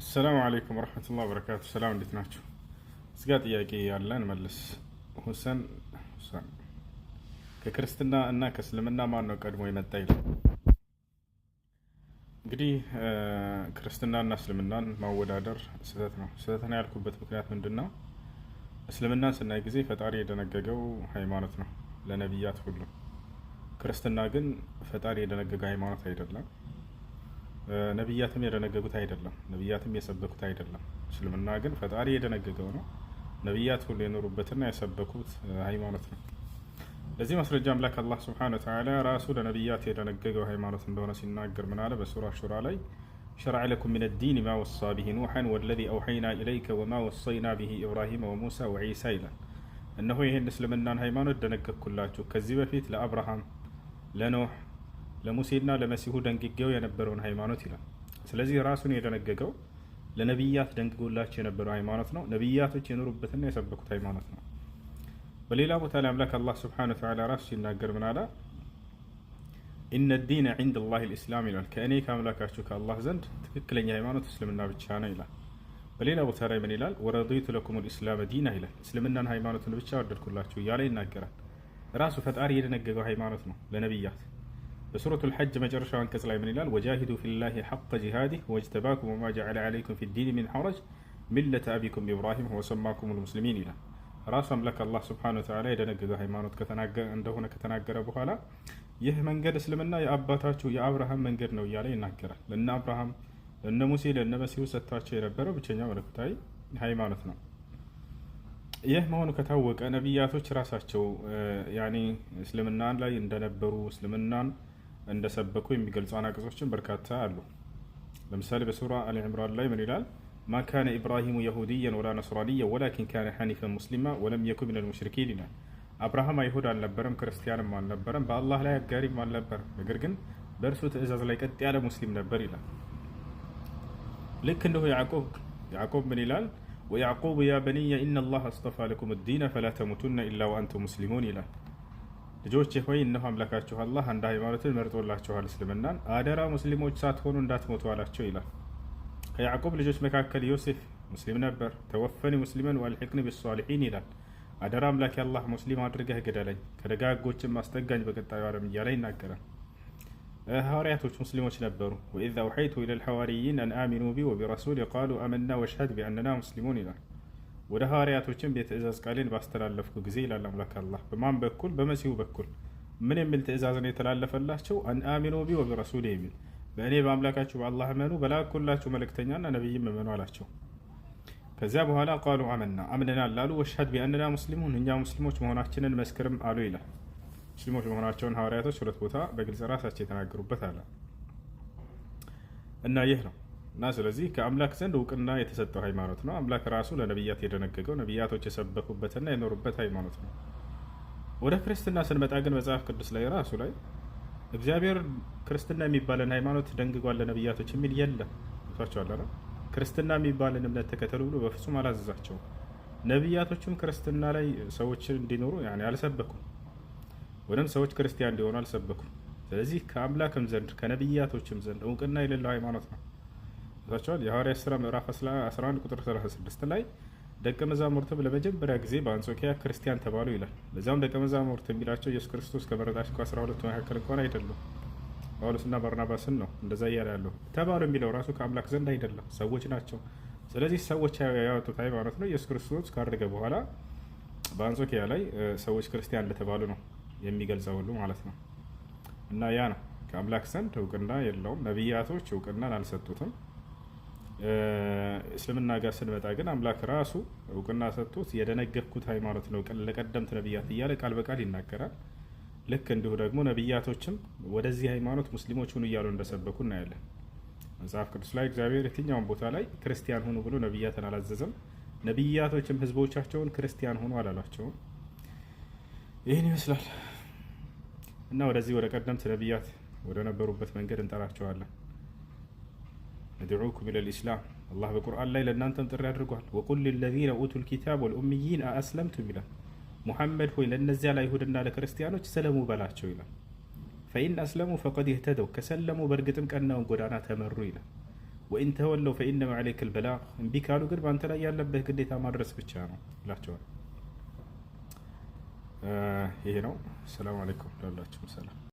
አሰላሙ አለይኩም ወረህመቱላህ በረካቱ። ሰላም እንዴት ናችሁ? እዚጋ ጥያቄ ያለን መልስ። ሁሰን ሁሰን ከክርስትና እና ከእስልምና ማን ነው ቀድሞ የመጣ ይላል። እንግዲህ ክርስትና ክርስትናና እስልምናን ማወዳደር ስህተት ነው። ስህተት ነው ያልኩበት ምክንያት ምንድን ነው? እስልምናን ስናይ ጊዜ ፈጣሪ የደነገገው ሃይማኖት ነው ለነቢያት ሁሉ። ክርስትና ግን ፈጣሪ የደነገገ ሃይማኖት አይደለም። ነቢያትም የደነገጉት አይደለም፣ ነቢያትም የሰበኩት አይደለም። እስልምና ግን ፈጣሪ የደነገገው ነው። ነቢያት ሁሉ የኖሩበትና የሰበኩት ሃይማኖት ነው። ለዚህ ማስረጃ አምላክ አላህ ስብሐነሁ ወተዓላ ራሱ ለነቢያት የደነገገው ሃይማኖት እንደሆነ ሲናገር ምናለ በሱራ ሹራ ላይ ሸረዐ ለኩም ሚነ ዲኒ ማ ወሳ ቢሂ ኑሐን ወለዚ አውሐይና ኢለይከ ወማ ወሰይና ቢሂ ኢብራሂመ ወሙሳ ወዒሳ ይላል። እነሆ ይህን እስልምናን ሃይማኖት ደነገግኩላችሁ ከዚህ በፊት ለአብርሃም ለኖህ ለሙሴና ለመሲሁ ደንግጌው የነበረውን ሃይማኖት ይላል። ስለዚህ ራሱን የደነገገው ለነቢያት ደንግጎላቸው የነበረው ሃይማኖት ነው። ነቢያቶች የኖሩበትና የሰበኩት ሃይማኖት ነው። በሌላ ቦታ ላይ አምላክ አላህ ስብሐነ ወተዓላ ራሱ ሲናገር ምን አለ? ኢነ ዲነ ዒንደ ላሂ ልእስላም ይላል። ከእኔ ከአምላካችሁ ከአላህ ዘንድ ትክክለኛ ሃይማኖት እስልምና ብቻ ነው ይላል። በሌላ ቦታ ላይ ምን ይላል? ወረዲቱ ለኩም ልእስላመ ዲና ይላል። እስልምናን ሃይማኖትን ብቻ ወደድኩላችሁ እያለ ይናገራል። ራሱ ፈጣሪ የደነገገው ሃይማኖት ነው ለነቢያት በሱረቱል ሐጅ መጨረሻው አንቀጽ ላይ ምን ይላል? ወጃሂዱ ፊላሂ ሐቀ ጂሃዲ ወጅተባኩም ወማ ጀዐለ ዐለይኩም ፊዲን ሚን ሐረጅ ሚለተ አቢኩም ኢብራሂም ወሰማኩም ልሙስሊሚን ይላል። ራሱ አምላክ አላህ ስብሐነሁ ወተዓላ የደነገገ ሃይማኖት እንደሆነ ከተናገረ በኋላ ይህ መንገድ እስልምና የአባታችሁ የአብርሃም መንገድ ነው እያለ ይናገራል። ለእነ አብርሃም፣ ለእነ ሙሴ፣ ለእነ መሲሁ ሰጥቷቸው የነበረ ብቸኛ መለኮታዊ ሃይማኖት ነው። ይህ መሆኑ ከታወቀ ነቢያቶች ራሳቸው ያኔ እስልምናን ላይ እንደነበሩ እስልምናን እንደሰበኩ የሚገልጹ አናቅጾችን በርካታ አሉ። ለምሳሌ በሱራ አል ዕምራን ላይ ምን ይላል? ማ ካነ ኢብራሂሙ የሁድየን ወላ ነስራንየን ወላኪን ካነ ሐኒፈን ሙስሊማ ወለም የኩ ምን ልሙሽሪኪን ይላል። አብርሃም አይሁድ አልነበረም፣ ክርስቲያንም አልነበረም፣ በአላህ ላይ አጋሪም አልነበረም። ነገር ግን በእርሱ ትእዛዝ ላይ ቀጥ ያለ ሙስሊም ነበር ይላል። ልክ እንዲሁ ያዕቆብ ያዕቆብ ምን ይላል? ወያዕቆብ ያ በንየ ኢነ ላህ አስጠፋ ለኩም ዲነ ፈላ ተሙቱነ ኢላ ወአንቱም ሙስሊሙን ይላል። ልጆች ሆይ እነሆ አምላካችሁ አላህ አንድ ሃይማኖትን መርጦላችኋል እስልምናን፣ አደራ ሙስሊሞች ሳትሆኑ እንዳትሞቱ አላቸው ይላል። ከያዕቁብ ልጆች መካከል ዮሴፍ ሙስሊም ነበር። ተወፈኒ ሙስሊመን ዋልሕቅኒ ቢሷሊሒን ይላል። አደራ አምላኬ አላህ ሙስሊም አድርገህ ግደለኝ፣ ከደጋጎችም አስጠጋኝ በቀጣዩ ዓለም እያለ ይናገራል። ሐዋርያቶች ሙስሊሞች ነበሩ። ወኢዝ አውሐይቱ ኢለል ሐዋርይን አን አሚኑ ቢ ወቢረሱሊ ቃሉ አመና ወሽሀድ ቢአንና ሙስሊሙን ይላል ወደ ሐዋርያቶችም የትእዛዝ ቃሌን ባስተላለፍኩ ጊዜ ይላል አምላክ አላህ። በማን በኩል? በመሲሁ በኩል። ምን የሚል ትእዛዝ ነው የተላለፈላቸው? አን አሚኑ ቢ ወቢረሱሊ የሚል በእኔ በአምላካችሁ በአላህ እመኑ፣ በላኩላችሁ መልእክተኛና ነቢይም እመኑ አላቸው። ከዚያ በኋላ ቃሉ አመና አምንና ላሉ ወሻድ ቢአንና ሙስሊሙን እኛ ሙስሊሞች መሆናችንን መስክርም አሉ ይላል። ሙስሊሞች መሆናቸውን ሐዋርያቶች ሁለት ቦታ በግልጽ ራሳቸው የተናገሩበት አለ እና ይህ ነው እና ስለዚህ ከአምላክ ዘንድ እውቅና የተሰጠው ሃይማኖት ነው። አምላክ ራሱ ለነቢያት የደነገገው ነቢያቶች የሰበኩበትና የኖሩበት ሃይማኖት ነው። ወደ ክርስትና ስንመጣ ግን መጽሐፍ ቅዱስ ላይ ራሱ ላይ እግዚአብሔር ክርስትና የሚባለን ሃይማኖት ደንግጓል ለነቢያቶች የሚል የለም። ቷቸዋለ ክርስትና የሚባለን እምነት ተከተሉ ብሎ በፍጹም አላዘዛቸው ነቢያቶቹም ክርስትና ላይ ሰዎች እንዲኖሩ አልሰበኩም፣ ወይም ሰዎች ክርስቲያን እንዲሆኑ አልሰበኩም። ስለዚህ ከአምላክም ዘንድ ከነቢያቶችም ዘንድ እውቅና የሌለው ሃይማኖት ነው። ዛቸዋል የሐዋርያ ስራ ምዕራፍ 11 ቁጥር 36 ላይ ደቀ መዛሙርትም ለመጀመሪያ ጊዜ በአንጾኪያ ክርስቲያን ተባሉ ይላል። በዚያም ደቀ መዛሙርት የሚላቸው ኢየሱስ ክርስቶስ ከመረጣቸው ከ 12 መካከል እንኳን አይደሉም፣ ጳውሎስና ባርናባስን ነው እንደዛ እያለ ያለው። ተባሉ የሚለው ራሱ ከአምላክ ዘንድ አይደለም፣ ሰዎች ናቸው። ስለዚህ ሰዎች ያወጡት ሃይማኖት ነው። ኢየሱስ ክርስቶስ ካደረገ በኋላ በአንጾኪያ ላይ ሰዎች ክርስቲያን እንደተባሉ ነው የሚገልጸው ሁሉ ማለት ነው። እና ያ ነው ከአምላክ ዘንድ እውቅና የለውም። ነቢያቶች እውቅናን አልሰጡትም። እስልምና ጋር ስንመጣ ግን አምላክ ራሱ እውቅና ሰጥቶት የደነገፍኩት ሃይማኖት ነው ለቀደምት ነቢያት እያለ ቃል በቃል ይናገራል። ልክ እንዲሁ ደግሞ ነቢያቶችም ወደዚህ ሃይማኖት ሙስሊሞች ሁኑ እያሉ እንደሰበኩ እናያለን። መጽሐፍ ቅዱስ ላይ እግዚአብሔር የትኛውን ቦታ ላይ ክርስቲያን ሁኑ ብሎ ነቢያትን አላዘዘም። ነቢያቶችም ህዝቦቻቸውን ክርስቲያን ሁኑ አላሏቸውም ይህን ይመስላል እና ወደዚህ ወደ ቀደምት ነቢያት ወደ ነበሩበት መንገድ እንጠራቸዋለን። እድዑኩም ኢለል ኢስላም አላህ በቁርአን ላይ ለእናንተም ጥሪ አድርጓል። ወቁል ሊለዚነ ኡቱል ኪታብ ወልኡምይን አአስለምቱም ይላል። ሙሐመድ ሆይ ለእነዚያ ለአይሁድና ለክርስቲያኖች ሰለሙ በላቸው ይላል። ፈኢን አስለሙ ፈቀድ ይህተደው ከሰለሙ በእርግጥም ቀናውን ጎዳና ተመሩ ይላል። ወኢን ተወለው ፈኢነማ ዐለይከ ልበላግ እምቢ ካሉ ግን በአንተ ላይ ያለበት ግዴታ ማድረስ ብቻ ነው ይላቸዋል። ይሄ ነው። ሰላም አለይኩም ላላችሁም ሰላም